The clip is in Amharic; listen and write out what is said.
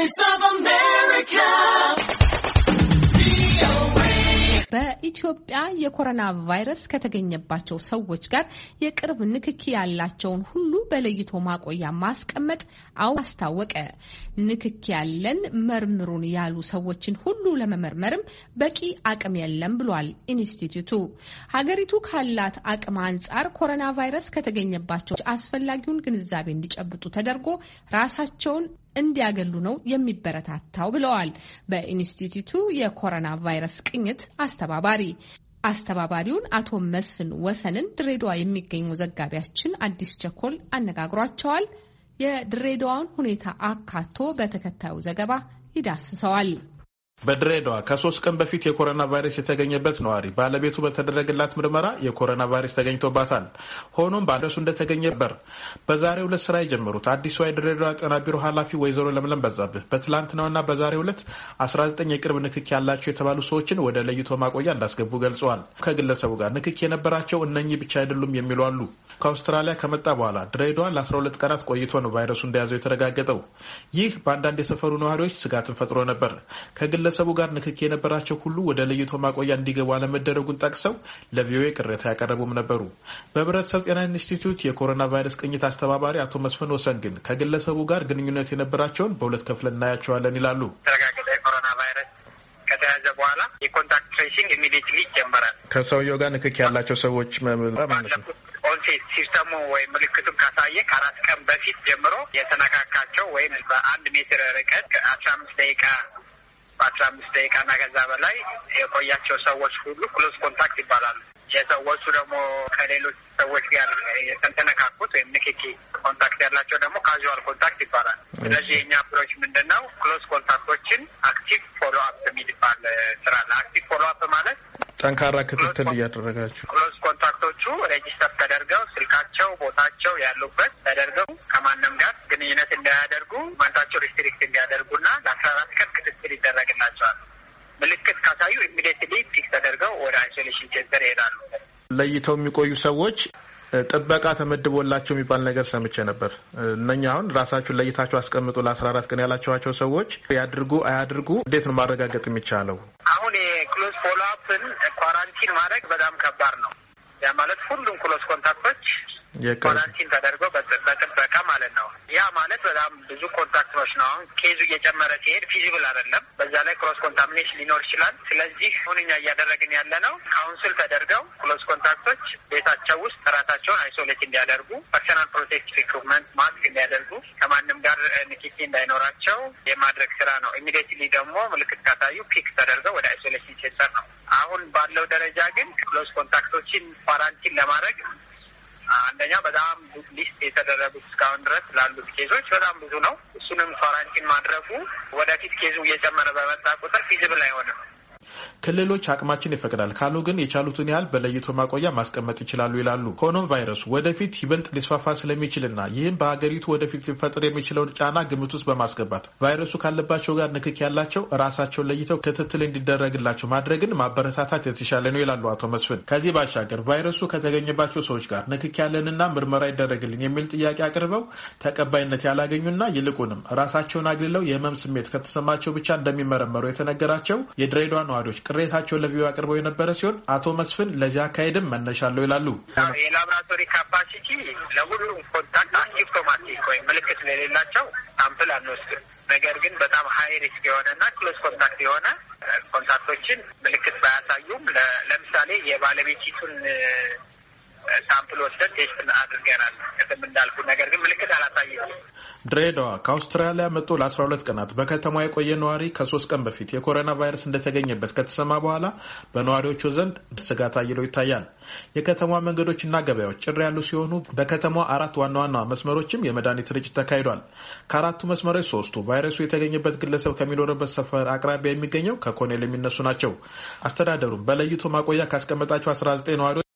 Voice of America. በኢትዮጵያ የኮሮና ቫይረስ ከተገኘባቸው ሰዎች ጋር የቅርብ ንክኪ ያላቸውን ሁሉ በለይቶ ማቆያ ማስቀመጥ አው አስታወቀ። ንክክ ያለን መርምሩን ያሉ ሰዎችን ሁሉ ለመመርመርም በቂ አቅም የለም ብሏል ኢንስቲትዩቱ። ሀገሪቱ ካላት አቅም አንጻር ኮሮና ቫይረስ ከተገኘባቸው አስፈላጊውን ግንዛቤ እንዲጨብጡ ተደርጎ ራሳቸውን እንዲያገሉ ነው የሚበረታታው ብለዋል በኢንስቲትዩቱ የኮሮና ቫይረስ ቅኝት አስተባባሪ አስተባባሪውን አቶ መስፍን ወሰንን ድሬዳዋ የሚገኘው ዘጋቢያችን አዲስ ቸኮል አነጋግሯቸዋል። የድሬዳዋን ሁኔታ አካቶ በተከታዩ ዘገባ ይዳስሰዋል። በድሬዳዋ ከሶስት ቀን በፊት የኮሮና ቫይረስ የተገኘበት ነዋሪ ባለቤቱ በተደረገላት ምርመራ የኮሮና ቫይረስ ተገኝቶባታል። ሆኖም ባለሱ እንደተገኘ ነበር። በዛሬ ሁለት ስራ የጀመሩት አዲሷ የድሬዳዋ ጤና ቢሮ ኃላፊ ወይዘሮ ለምለም በዛብህ በትላንትናውና በዛሬ ሁለት 19 የቅርብ ንክኪ ያላቸው የተባሉ ሰዎችን ወደ ለይቶ ማቆያ እንዳስገቡ ገልጸዋል። ከግለሰቡ ጋር ንክኪ የነበራቸው እነኚህ ብቻ አይደሉም የሚሉ አሉ። ከአውስትራሊያ ከመጣ በኋላ ድሬዳዋ ለ12 ቀናት ቆይቶ ነው ቫይረሱ እንደያዘው የተረጋገጠው። ይህ በአንዳንድ የሰፈሩ ነዋሪዎች ስጋትን ፈጥሮ ነበር። ከግለሰቡ ጋር ንክክ የነበራቸው ሁሉ ወደ ለይቶ ማቆያ እንዲገቡ አለመደረጉን ጠቅሰው ለቪኦኤ ቅሬታ ያቀረቡም ነበሩ። በህብረተሰብ ጤና ኢንስቲትዩት የኮሮና ቫይረስ ቅኝት አስተባባሪ አቶ መስፍን ወሰን ግን ከግለሰቡ ጋር ግንኙነት የነበራቸውን በሁለት ከፍለን እናያቸዋለን ይላሉ። ከተያዘ በኋላ የኮንታክት ትሬሲንግ ኢሚዲየትሊ ይጀመራል። ከሰውየው ጋር ንክክ ያላቸው ሰዎች ኦንሴት ሲስተሙ ወይም ምልክቱን ካሳየ ከአራት ቀን በፊት ጀምሮ የተነካካቸው ወይም በአንድ ሜትር ርቀት ከአስራ አምስት ደቂቃ በአስራ አምስት ደቂቃና ከዛ በላይ የቆያቸው ሰዎች ሁሉ ክሎዝ ኮንታክት ይባላሉ። የሰዎቹ ደግሞ ከሌሎች ሰዎች ጋር የተንተነካኩት ወይም ንክኪ ኮንታክት ያላቸው ደግሞ ካዥዋል ኮንታክት ይባላል። ስለዚህ የእኛ ፕሮች ምንድን ነው? ክሎዝ ኮንታክቶችን አክቲቭ ፎሎ አፕ የሚባል ስራ አለ። አክቲቭ ፎሎ አፕ ማለት ጠንካራ ክትትል እያደረጋችሁ ክሎዝ ኮንታክቶቹ ሬጂስተር ተደርገው ስልካቸው፣ ቦታቸው ያሉበት ተደርገው እንግዲህ ፊክስ ተደርገው ወደ አይሶሌሽን ሴንተር ይሄዳሉ። ለይተው የሚቆዩ ሰዎች ጥበቃ ተመድቦላቸው የሚባል ነገር ሰምቼ ነበር። እነኛ አሁን ራሳችሁን ለይታችሁ አስቀምጡ ለአስራ አራት ቀን ያላቸዋቸው ሰዎች ያድርጉ አያድርጉ እንዴት ነው ማረጋገጥ የሚቻለው? አሁን የክሎዝ ፎሎአፕን ኳራንቲን ማድረግ በጣም ከባድ ነው። ያ ማለት ሁሉም ክሎዝ ኮንታክቶች ኳራንቲን ተደርገው በጥበቃ ያ ማለት በጣም ብዙ ኮንታክቶች ነው። አሁን ኬዙ እየጨመረ ሲሄድ ፊዚብል አይደለም። በዛ ላይ ክሮስ ኮንታሚኔሽን ሊኖር ይችላል። ስለዚህ አሁን እኛ እያደረግን ያለ ነው ካውንስል ተደርገው ክሎስ ኮንታክቶች ቤታቸው ውስጥ ራሳቸውን አይሶሌት እንዲያደርጉ፣ ፐርሰናል ፕሮቴክቲቭ ኢኩፕመንት ማስክ እንዲያደርጉ፣ ከማንም ጋር ንክኪ እንዳይኖራቸው የማድረግ ስራ ነው። ኢሚዲየትሊ ደግሞ ምልክት ካሳዩ ፒክ ተደርገው ወደ አይሶሌሽን ሴንተር ነው። አሁን ባለው ደረጃ ግን ክሎስ ኮንታክቶችን ኳራንቲን ለማድረግ አንደኛ በጣም ሊስት የተደረጉት እስካሁን ድረስ ላሉት ኬዞች በጣም ብዙ ነው። እሱንም ኳራንቲን ማድረጉ ወደፊት ኬዙ እየጨመረ በመጣ ቁጥር ፊዚብል አይሆንም። ክልሎች አቅማችን ይፈቅዳል ካሉ ግን የቻሉትን ያህል በለይቶ ማቆያ ማስቀመጥ ይችላሉ ይላሉ። ሆኖም ቫይረሱ ወደፊት ይበልጥ ሊስፋፋ ስለሚችልና ይህም በሀገሪቱ ወደፊት ሊፈጠር የሚችለውን ጫና ግምት ውስጥ በማስገባት ቫይረሱ ካለባቸው ጋር ንክክ ያላቸው ራሳቸው ለይተው ክትትል እንዲደረግላቸው ማድረግን ማበረታታት የተሻለ ነው ይላሉ አቶ መስፍን። ከዚህ ባሻገር ቫይረሱ ከተገኘባቸው ሰዎች ጋር ንክክ ያለንና ምርመራ ይደረግልን የሚል ጥያቄ አቅርበው ተቀባይነት ያላገኙና ይልቁንም ራሳቸውን አግልለው የህመም ስሜት ከተሰማቸው ብቻ እንደሚመረመሩ የተነገራቸው የድሬዳዋ ነዋሪዎች ቅሬታቸውን ለቪዮ አቅርበው የነበረ ሲሆን አቶ መስፍን ለዚህ አካሄድም መነሻለሁ ይላሉ። የላብራቶሪ ካፓሲቲ ለሁሉም ኮንታክት አሲምፕቶማቲክ ወይም ምልክት ለሌላቸው ሳምፕል አንወስድም። ነገር ግን በጣም ሀይ ሪስክ የሆነና ክሎስ ኮንታክት የሆነ ኮንታክቶችን ምልክት ባያሳዩም ለምሳሌ የባለቤቲቱን ሳምፕል ወስደን ቴስት አድርገናል። ቅድም እንዳልኩ ነገር ግን ምልክት አላሳየም። ድሬዳዋ ከአውስትራሊያ መጡ ለአስራ ሁለት ቀናት በከተማ የቆየ ነዋሪ ከሶስት ቀን በፊት የኮሮና ቫይረስ እንደተገኘበት ከተሰማ በኋላ በነዋሪዎቹ ዘንድ ስጋት አይሎ ይታያል። የከተማ እና ገበያዎች ጭር ያሉ ሲሆኑ በከተማ አራት ዋና ዋና መስመሮችም የመድኃኒት ርጭት ተካሂዷል። ከአራቱ መስመሮች ሶስቱ ቫይረሱ የተገኘበት ግለሰብ ከሚኖርበት ሰፈር አቅራቢያ የሚገኘው ከኮኔል የሚነሱ ናቸው። አስተዳደሩም በለይቶ ማቆያ ካስቀመጣቸው አስራ ዘጠኝ ነዋሪዎች